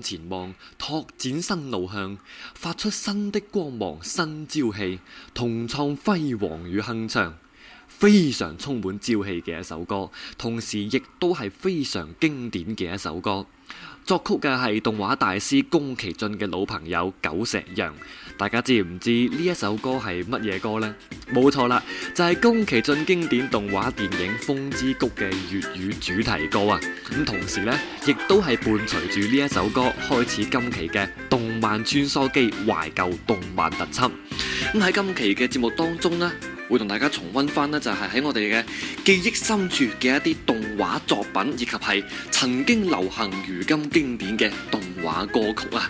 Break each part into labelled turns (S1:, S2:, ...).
S1: 前望拓展新路向，發出新的光芒、新朝氣，同創輝煌與鏗鏘，非常充滿朝氣嘅一首歌，同時亦都係非常經典嘅一首歌。作曲嘅係動畫大師宮崎駿嘅老朋友久石讓，大家知唔知呢一首歌係乜嘢歌呢？冇錯啦，就係、是、宮崎駿經典動畫電影《風之谷》嘅粵語主題歌啊！咁同時呢，亦都係伴隨住呢一首歌開始今期嘅動漫穿梭機懷舊動漫特輯。咁喺今期嘅節目當中呢。會同大家重溫翻呢就係喺我哋嘅記憶深處嘅一啲動畫作品，以及係曾經流行、如今經典嘅動畫歌曲啊！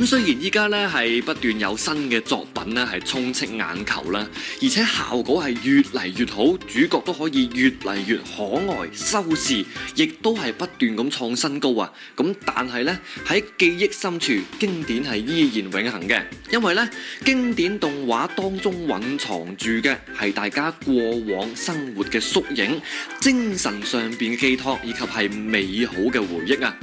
S1: 咁雖然依家咧係不斷有新嘅作品咧係充斥眼球啦，而且效果係越嚟越好，主角都可以越嚟越可愛，收視亦都係不斷咁創新高啊！咁但係咧喺記憶深處，經典係依然永恆嘅，因為咧經典動畫當中蘊藏住嘅係大家過往生活嘅縮影、精神上邊嘅寄託以及係美好嘅回憶啊！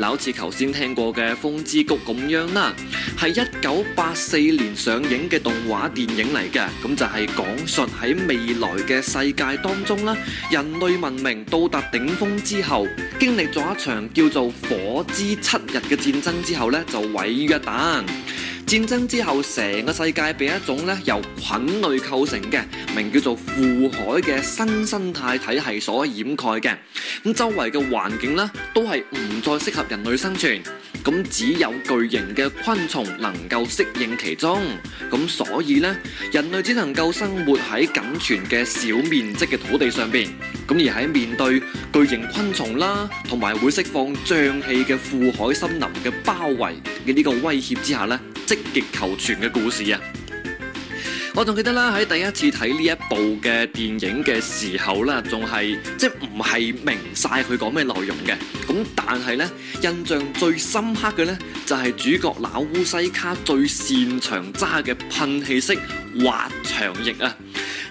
S1: 嗱，好似頭先聽過嘅《風之谷》咁樣。啦，係一九八四年上映嘅動畫電影嚟嘅，咁就係講述喺未來嘅世界當中啦，人類文明到達頂峰之後，經歷咗一場叫做《火之七日》嘅戰爭之後呢就毀於一旦。戰爭之後，成個世界被一種咧，由菌類構成嘅，名叫做腐海嘅新生態體系所掩蓋嘅。咁周圍嘅環境咧都係唔再適合人類生存，咁只有巨型嘅昆蟲能夠適應其中。咁所以咧，人類只能夠生活喺僅存嘅小面積嘅土地上邊。咁而喺面對巨型昆蟲啦，同埋會釋放瘴氣嘅腐海森林嘅包圍嘅呢個威脅之下咧，即極求全嘅故事啊！我仲記得啦，喺第一次睇呢一部嘅電影嘅時候啦，仲係即係唔係明晒佢講咩內容嘅，咁但係咧，印象最深刻嘅咧就係、是、主角納烏西卡最擅長揸嘅噴氣式滑翔翼啊！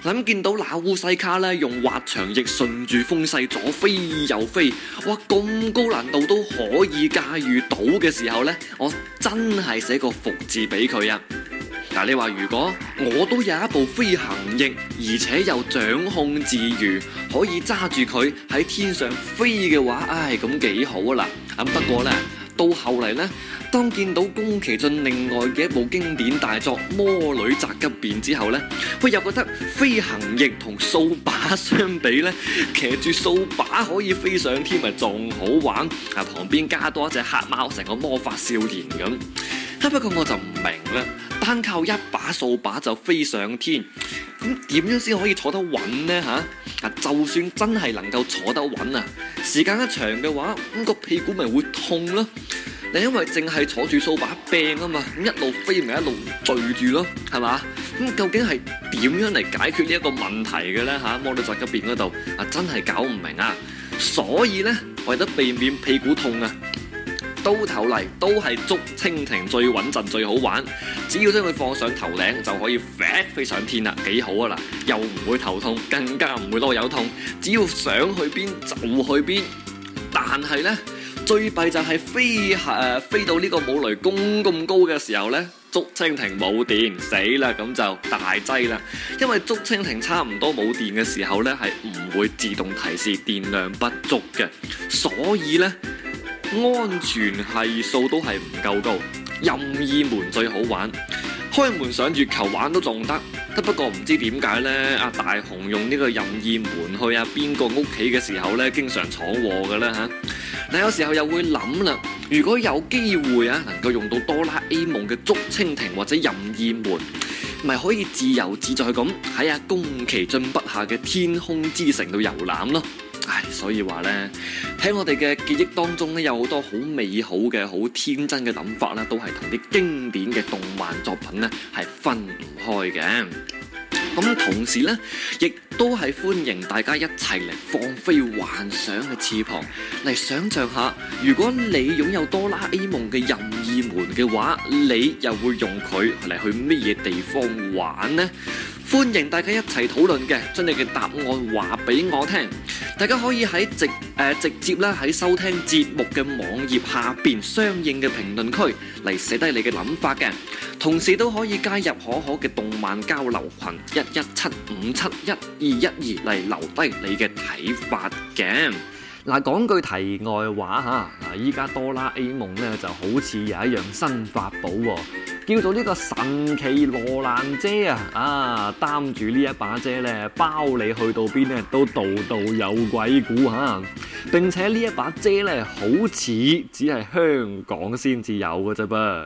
S1: 諗、嗯、見到那烏西卡咧用滑翔翼順住風勢左飛右飛，哇咁高難度都可以駕馭到嘅時候呢，我真係寫個服字俾佢啊！嗱、啊，你話如果我都有一部飛行翼，而且又掌控自如，可以揸住佢喺天上飛嘅話，唉、哎，咁幾好啦、啊！咁、啊、不過呢。到後嚟呢，當見到宮崎駿另外嘅一部經典大作《魔女宅急便》之後呢，喂又覺得飛行翼同掃把相比呢，騎住掃把可以飛上天咪仲好玩？啊，旁邊加多一隻黑貓，成個魔法少年咁。不過我就唔明啦，單靠一把掃把就飛上天，咁點樣先可以坐得穩呢？吓，啊就算真係能夠坐得穩啊，時間一長嘅話，咁個屁股咪會痛咯。你因為淨係坐住掃把病啊嘛，咁一路飛咪一路聚住咯，係嘛？咁究竟係點樣嚟解決呢一個問題嘅呢？吓，魔女宅急便嗰度啊，真係搞唔明啊。所以咧，為咗避免屁股痛啊。刀頭嚟，都係竹蜻蜓最穩陣最好玩，只要將佢放上頭頂就可以飛上天啦，幾好啊，又唔會頭痛，更加唔會囉柚痛，只要想去邊就去邊。但係呢，最弊就係飛、呃、飛到呢個武雷公咁高嘅時候呢，竹蜻蜓冇電死啦，咁就大劑啦。因為竹蜻蜓差唔多冇電嘅時候呢，係唔會自動提示電量不足嘅，所以呢。安全係數都係唔夠高，任意門最好玩，開門上月球玩都仲得，不過唔知點解呢。阿大雄用呢個任意門去阿邊個屋企嘅時候的呢，經常闖禍嘅啦吓。但有時候又會諗啦，如果有機會啊，能夠用到哆啦 A 夢嘅竹蜻蜓或者任意門，咪可以自由自在咁喺阿宮崎駿筆下嘅天空之城度遊覽咯。所以話呢，喺我哋嘅記憶當中呢，有好多好美好嘅、好天真嘅諗法呢，都係同啲經典嘅動漫作品呢係分唔開嘅。咁同時呢，亦都係歡迎大家一齊嚟放飛幻想嘅翅膀，嚟想象一下，如果你擁有哆啦 A 夢嘅任意門嘅話，你又會用佢嚟去咩嘢地方玩呢？歡迎大家一齊討論嘅，將你嘅答案話俾我聽。大家可以喺直誒、呃、直接啦，喺收聽節目嘅網頁下邊相應嘅評論區嚟，寫低你嘅諗法嘅，同時都可以加入可可嘅動漫交流群一一七五七一二一二嚟留低你嘅睇法嘅。嗱，講句題外話嚇，依家哆啦 A 夢咧就好似有一樣新法寶喎，叫做呢個神奇羅蘭遮啊！啊，擔住呢一把遮咧，包你去到邊咧都度度有鬼故嚇、啊。並且呢一把遮咧，好似只係香港先至有㗎啫噃。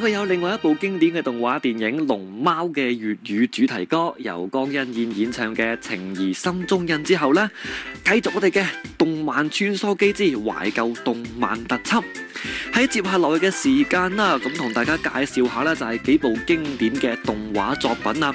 S1: 喺有另外一部經典嘅動畫電影《龍貓》嘅粵語主題歌，由江欣燕演唱嘅《情誼心中印》之後呢繼續我哋嘅《動漫穿梭機之懷舊動漫特輯》，喺接下來嘅時間啦，咁同大家介紹下呢就係幾部經典嘅動畫作品啦。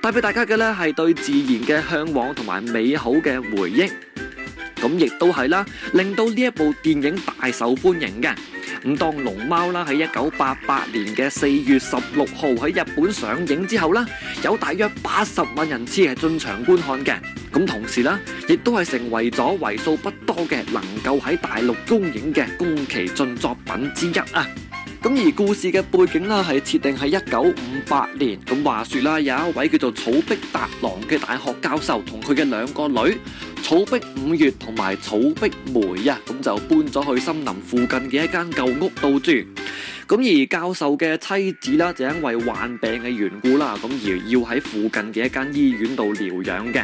S1: 帶俾大家嘅咧係對自然嘅向往同埋美好嘅回憶，咁亦都係啦，令到呢一部電影大受歡迎嘅。咁當《龍貓》啦喺一九八八年嘅四月十六號喺日本上映之後咧，有大約八十萬人次係進場觀看嘅。咁同時啦，亦都係成為咗為數不多嘅能夠喺大陸公映嘅宮崎駿作品之一啊！咁而故事嘅背景啦，係設定喺一九五八年。咁話說啦，有一位叫做草壁達郎嘅大學教授，同佢嘅兩個女草壁五月同埋草壁梅啊，咁就搬咗去森林附近嘅一間舊屋度住。咁而教授嘅妻子啦，就因為患病嘅緣故啦，咁而要喺附近嘅一間醫院度療養嘅。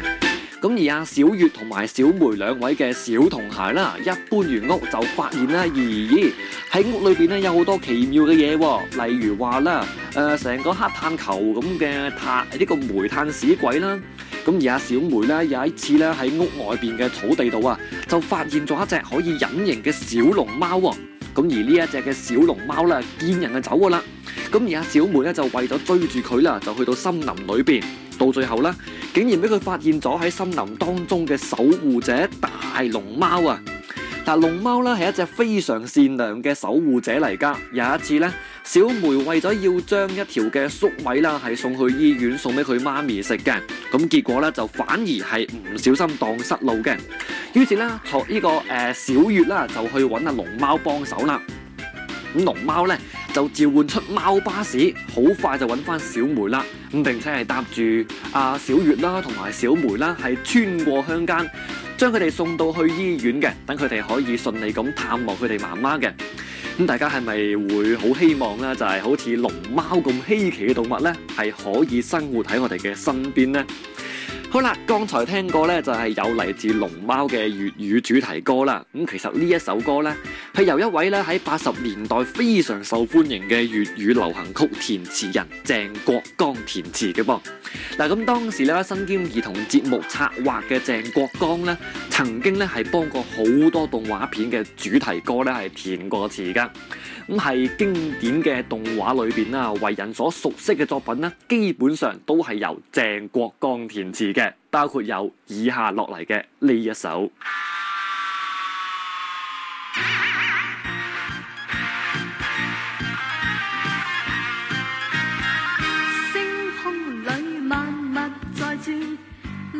S1: 咁而阿小月同埋小梅兩位嘅小童鞋啦，一搬完屋就發現啦，咦、哎、咦，喺屋裏邊咧有好多奇妙嘅嘢，例如話啦，誒、呃、成個黑炭球咁嘅炭呢個煤炭屎鬼啦。咁而阿小梅咧，有一次咧喺屋外邊嘅草地度啊，就發現咗一隻可以隱形嘅小龍貓。咁而呢一隻嘅小龍貓啦，見人就走噶啦。咁而阿小梅咧就為咗追住佢啦，就去到森林裏邊。到最後啦，竟然俾佢發現咗喺森林當中嘅守護者大龍貓啊！嗱，龍貓啦係一隻非常善良嘅守護者嚟噶。有一次咧，小梅為咗要將一條嘅粟米啦係送去醫院送俾佢媽咪食嘅，咁結果咧就反而係唔小心蕩失路嘅。於是咧，呢個誒小月啦就去揾阿龍貓幫手啦。咁龍貓咧就召喚出貓巴士，好快就揾翻小梅啦。咁並且係搭住阿小月啦，同埋小梅啦，係穿過鄉間，將佢哋送到去醫院嘅，等佢哋可以順利咁探望佢哋媽媽嘅。咁大家係咪會好希望咧？就係好似龍貓咁稀奇嘅動物咧，係可以生活喺我哋嘅身邊呢。好啦，剛才聽過咧就係有嚟自龍貓嘅粵語主題歌啦。咁其實呢一首歌咧，係由一位咧喺八十年代非常受歡迎嘅粵語流行曲填詞人鄭國江填詞嘅噃。嗱，咁當時咧身兼兒童節目策劃嘅鄭國江咧，曾經咧係幫過好多動畫片嘅主題歌咧係填過詞㗎。咁係經典嘅動畫裏邊啦，為人所熟悉嘅作品咧，基本上都係由鄭國江填詞嘅，包括有以下落嚟嘅呢一首。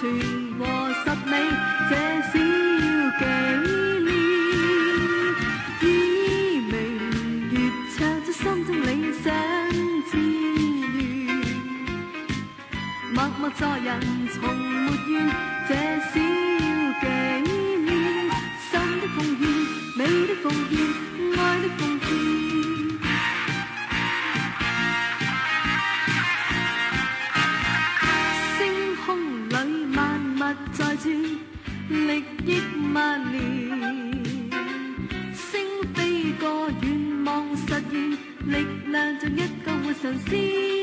S2: 全和十美，這小紀念，以明月唱出心中理想志願，默默做人從沒怨，這小。星飛過，願望實現，力量像一個活神仙。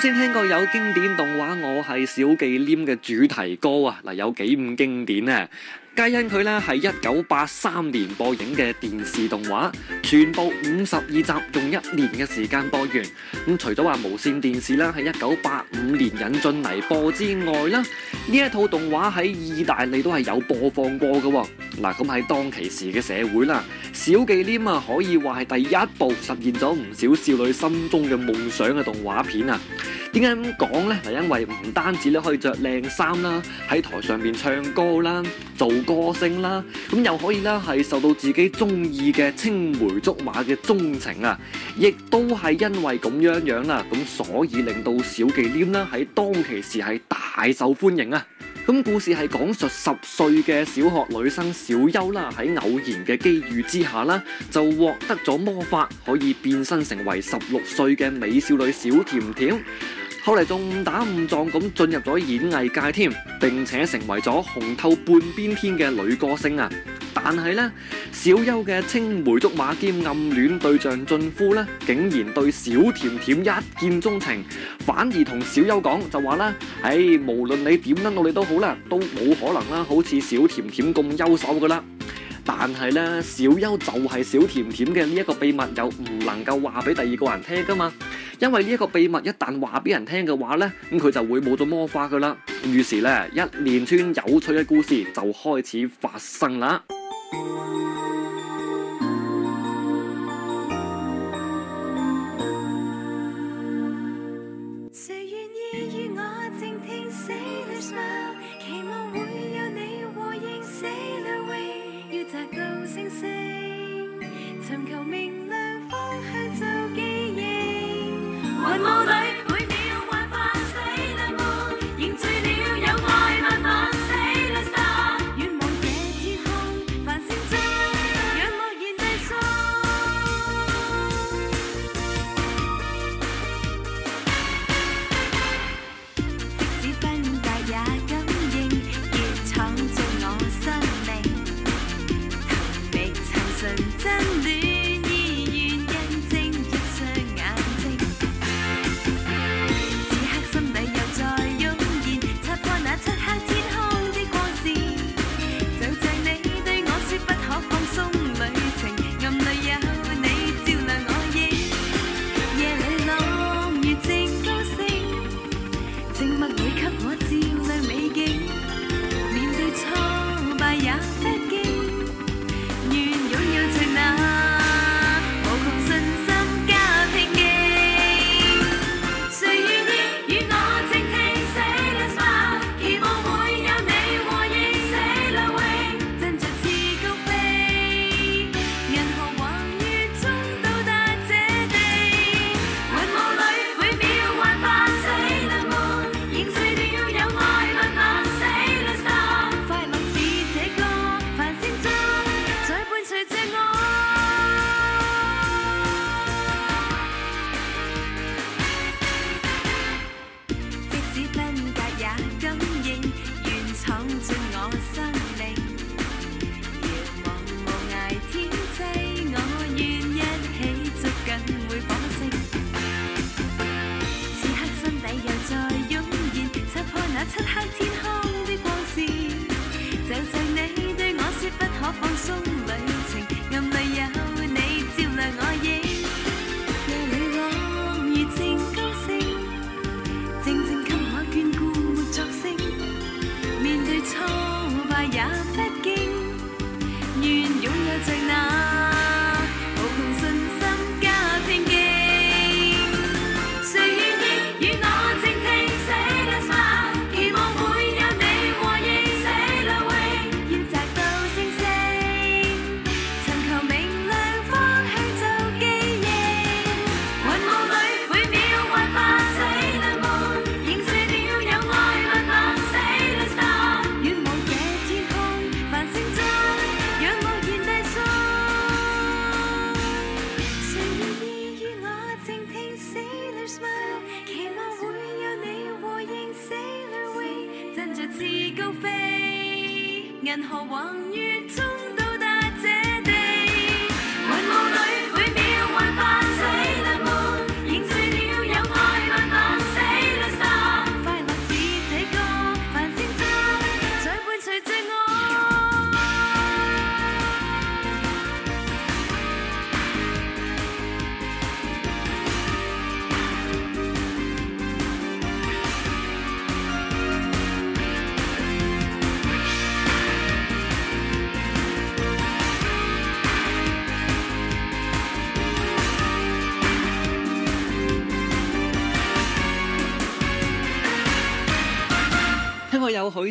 S1: 先聽過有經典動畫《我係小忌廉》嘅主題歌啊！嗱，有幾咁經典呢啊？皆因佢咧係一九八三年播映嘅電視動畫，全部五十二集用一年嘅時間播完。咁除咗話無綫電視啦，喺一九八五年引進嚟播之外啦，呢一套動畫喺意大利都係有播放過噶。嗱，咁喺當其時嘅社會啦，《小忌廉》啊可以話係第一部實現咗唔少少女心中嘅夢想嘅動畫片啊。點解咁講呢？係因為唔單止咧可以着靚衫啦，喺台上面唱歌啦，做。個性啦，咁又可以啦，係受到自己中意嘅青梅竹馬嘅鍾情啊，亦都係因為咁樣樣啦，咁所以令到小忌廉啦喺當其時係大受歡迎啊！咁故事係講述十歲嘅小學女生小優啦，喺偶然嘅機遇之下啦，就獲得咗魔法，可以變身成為十六歲嘅美少女小甜甜。後嚟仲誤打誤撞咁進入咗演藝界添，並且成為咗紅透半邊天嘅女歌星啊！但係呢，小優嘅青梅竹馬兼暗戀對象俊夫呢，竟然對小甜甜一見鍾情，反而同小優講就話啦：唉、哎，無論你點樣努力都好啦，都冇可能啦，好似小甜甜咁優秀噶啦。但係咧，小優就係小甜甜嘅呢一個秘密，又唔能夠話俾第二個人聽噶嘛，因為呢一個秘密一旦話俾人聽嘅話咧，咁佢就會冇咗魔法噶啦。於是咧，一連串有趣嘅故事就開始發生啦。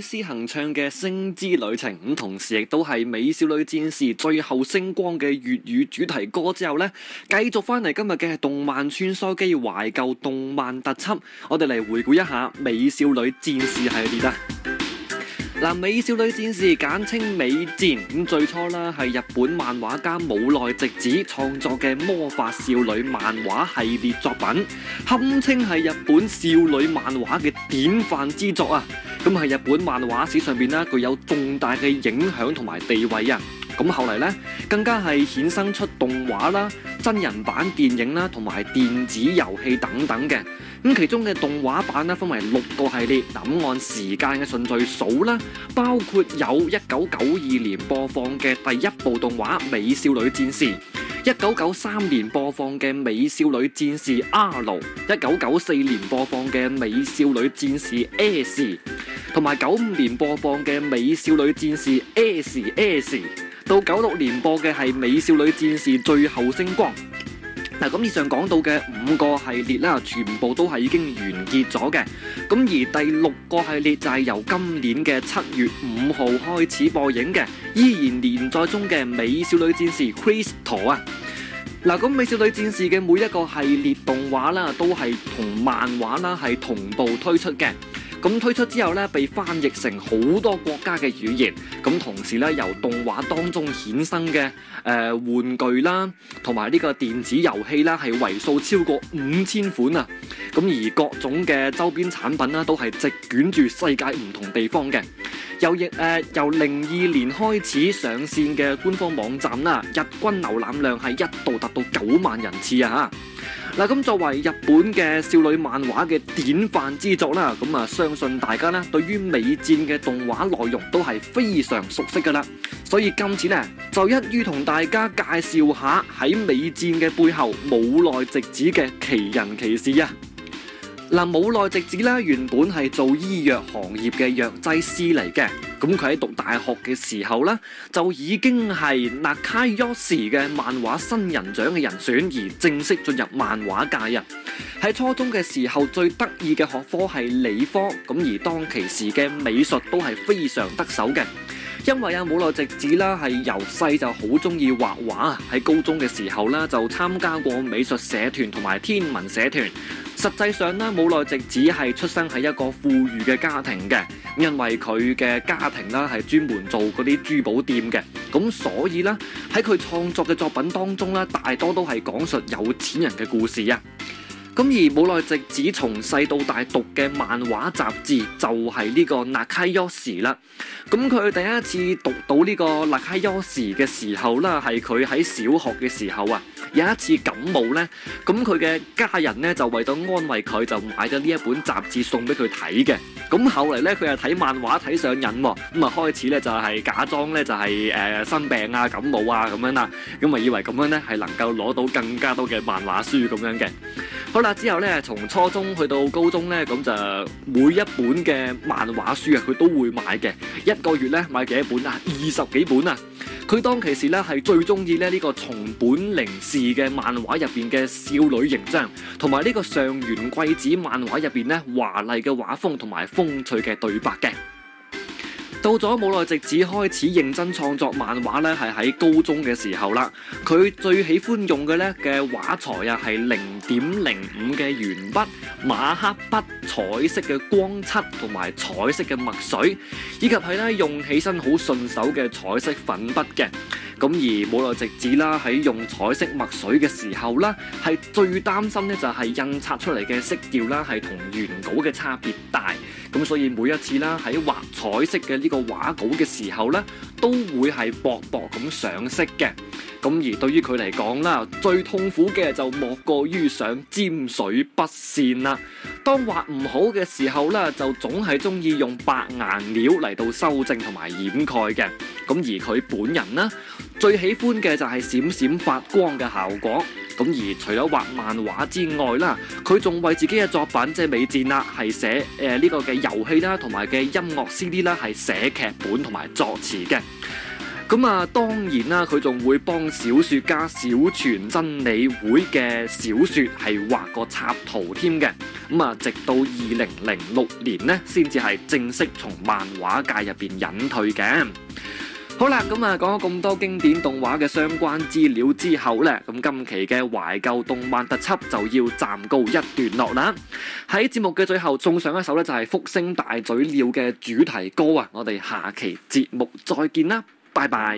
S1: 施行唱嘅《星之旅程》，咁同時亦都係《美少女戰士》最後星光嘅粵語主題歌之後呢，繼續翻嚟今日嘅動漫穿梭機懷舊動漫特輯，我哋嚟回顧一下《美少女戰士》系列啊！嗱，《美少女戰士》簡稱美戰，咁最初啦係日本漫畫家武內直子創作嘅魔法少女漫畫系列作品，堪稱係日本少女漫畫嘅典範之作啊！咁係日本漫畫史上邊呢具有重大嘅影響同埋地位啊！咁後嚟呢更加係衍生出動畫啦、真人版電影啦，同埋電子遊戲等等嘅。咁其中嘅動畫版呢，分為六個系列。咁按時間嘅順序數啦，包括有一九九二年播放嘅第一部動畫《美少女戰士》，一九九三年播放嘅《美少女戰士 R》，一九九四年播放嘅《美少女戰士 S》，同埋九五年播放嘅《美少女戰士 SS》，到九六年播嘅係《美少女戰士最後星光》。嗱，咁以上講到嘅五個系列啦，全部都係已經完結咗嘅。咁而第六個系列就係由今年嘅七月五號開始播映嘅，依然連載中嘅《美少女戰士 Crystal》啊。嗱，咁《美少女戰士》嘅每一個系列動畫啦，都係同漫畫啦係同步推出嘅。咁推出之後咧，被翻譯成好多國家嘅語言。咁同時咧，由動畫當中衍生嘅誒、呃、玩具啦，同埋呢個電子遊戲啦，係為數超過五千款啊。咁而各種嘅周邊產品啦，都係席捲住世界唔同地方嘅。由日誒、呃、由零二年開始上線嘅官方網站啦，日均瀏覽量係一度達到九萬人次啊！嚇。嗱，咁作為日本嘅少女漫畫嘅典範之作啦，咁啊，相信大家呢對於美戰嘅動畫內容都係非常熟悉㗎喇，所以今次呢，就一於同大家介紹一下喺美戰嘅背後冇奈直指嘅奇人奇事呀。嗱，武內直子啦，原本係做醫藥行業嘅藥劑師嚟嘅。咁佢喺讀大學嘅時候咧，就已經係那卡約氏嘅漫畫新人獎嘅人選，而正式進入漫畫界。喺初中嘅時候，最得意嘅學科係理科。咁而當其時嘅美術都係非常得手嘅，因為啊，武內直子啦，係由細就好中意畫畫。喺高中嘅時候啦，就參加過美術社團同埋天文社團。實際上咧，武內直子係出生喺一個富裕嘅家庭嘅，因為佢嘅家庭咧係專門做嗰啲珠寶店嘅，咁所以咧喺佢創作嘅作品當中咧，大多都係講述有錢人嘅故事啊。咁而武內直子從細到大讀嘅漫畫雜誌就係呢個《Nakayoshi》啦。咁佢第一次讀到呢個《Nakayoshi》嘅時候咧，係佢喺小學嘅時候啊。有一次感冒咧，咁佢嘅家人咧就為咗安慰佢，就買咗呢一本雜誌送俾佢睇嘅。咁後嚟咧，佢又睇漫畫睇上癮喎，咁啊開始咧就係假裝咧就係誒生病啊感冒啊咁樣啦。咁啊以為咁樣咧係能夠攞到更加多嘅漫畫書咁樣嘅，好啦。之後咧，從初中去到高中咧，咁就每一本嘅漫畫書啊，佢都會買嘅。一個月咧買幾多本啊？二十幾本啊！佢當其時咧係最中意咧呢個松本零士嘅漫畫入邊嘅少女形象，同埋呢個上元桂子漫畫入邊咧華麗嘅畫風同埋風趣嘅對白嘅。到咗武內直子開始認真創作漫畫咧，係喺高中嘅時候啦。佢最喜歡用嘅咧嘅畫材啊，係零點零五嘅鉛筆馬克筆、彩色嘅光漆同埋彩色嘅墨水，以及係咧用起身好順手嘅彩色粉筆嘅。咁而武內直子啦，喺用彩色墨水嘅時候啦，係最擔心咧就係印刷出嚟嘅色調啦，係同原稿嘅差別大。咁所以每一次啦，喺畫彩色嘅呢、這個。畫稿嘅時候呢，都會係薄薄咁上色嘅。咁而對於佢嚟講啦，最痛苦嘅就莫過於想沾水筆線啦。當畫唔好嘅時候呢，就總係中意用白顏料嚟到修正同埋掩蓋嘅。咁而佢本人呢，最喜歡嘅就係閃閃發光嘅效果。咁而除咗畫漫畫之外啦，佢仲為自己嘅作品，即係美戰啦，係寫誒呢個嘅遊戲啦，同埋嘅音樂 CD 啦，係寫劇本同埋作詞嘅。咁啊，當然啦，佢仲會幫小說家小傳真理會嘅小說係畫個插圖添嘅。咁啊，直到二零零六年呢，先至係正式從漫畫界入邊隱退嘅。好啦，咁啊講咗咁多經典動畫嘅相關資料之後呢，咁今期嘅懷舊動漫特輯就要暫告一段落啦。喺節目嘅最後送上一首呢就係《福星大嘴鳥》嘅主題歌啊！我哋下期節目再見啦，拜拜。